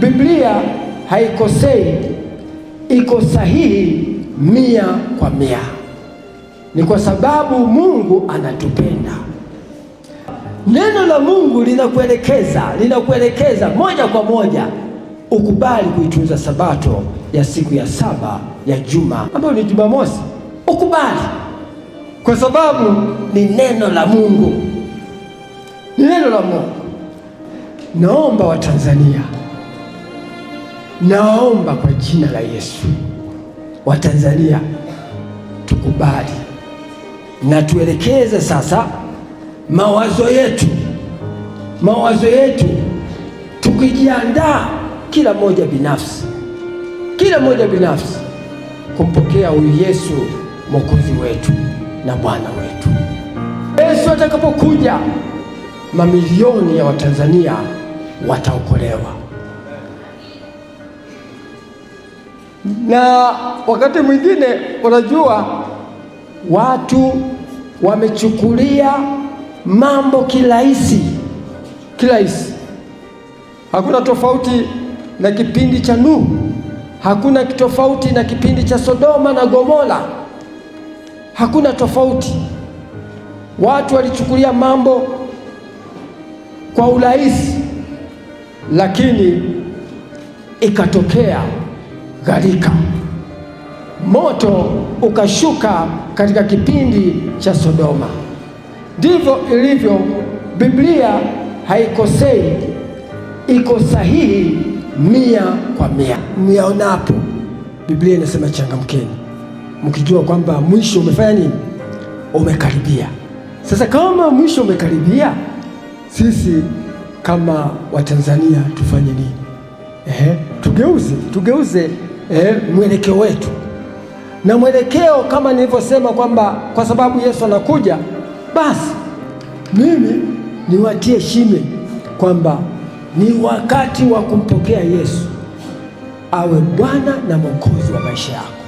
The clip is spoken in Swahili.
Biblia haikosei, iko sahihi mia kwa mia. Ni kwa sababu Mungu anatupenda. Neno la Mungu linakuelekeza linakuelekeza moja kwa moja ukubali kuitunza sabato ya siku ya saba ya juma ambayo ni Jumamosi, ukubali kwa sababu ni neno la Mungu, ni neno la Mungu. Naomba Watanzania naomba kwa jina la Yesu, Watanzania tukubali na tuelekeze sasa mawazo yetu, mawazo yetu tukijiandaa, kila mmoja binafsi, kila mmoja binafsi kumpokea huyu Yesu mwokozi wetu na Bwana wetu. Yesu atakapokuja, mamilioni ya Watanzania wataokolewa. na wakati mwingine unajua watu wamechukulia mambo kirahisi kirahisi. Hakuna tofauti na kipindi cha Nuhu, hakuna tofauti na kipindi cha Sodoma na Gomora, hakuna tofauti. Watu walichukulia mambo kwa urahisi, lakini ikatokea gharika. Moto ukashuka katika kipindi cha Sodoma. Ndivyo ilivyo Biblia, haikosei, iko sahihi mia kwa mia. Myaonapo Biblia inasema changamkeni, mkijua kwamba mwisho umefanya nini, umekaribia. Sasa kama mwisho umekaribia, sisi kama Watanzania tufanye nini? Ehe, tugeuze tugeuze eh, mwelekeo wetu na mwelekeo kama nilivyosema kwamba kwa sababu Yesu anakuja, basi mimi niwatie shime kwamba ni wakati wa kumpokea Yesu awe Bwana na Mwokozi wa maisha yako.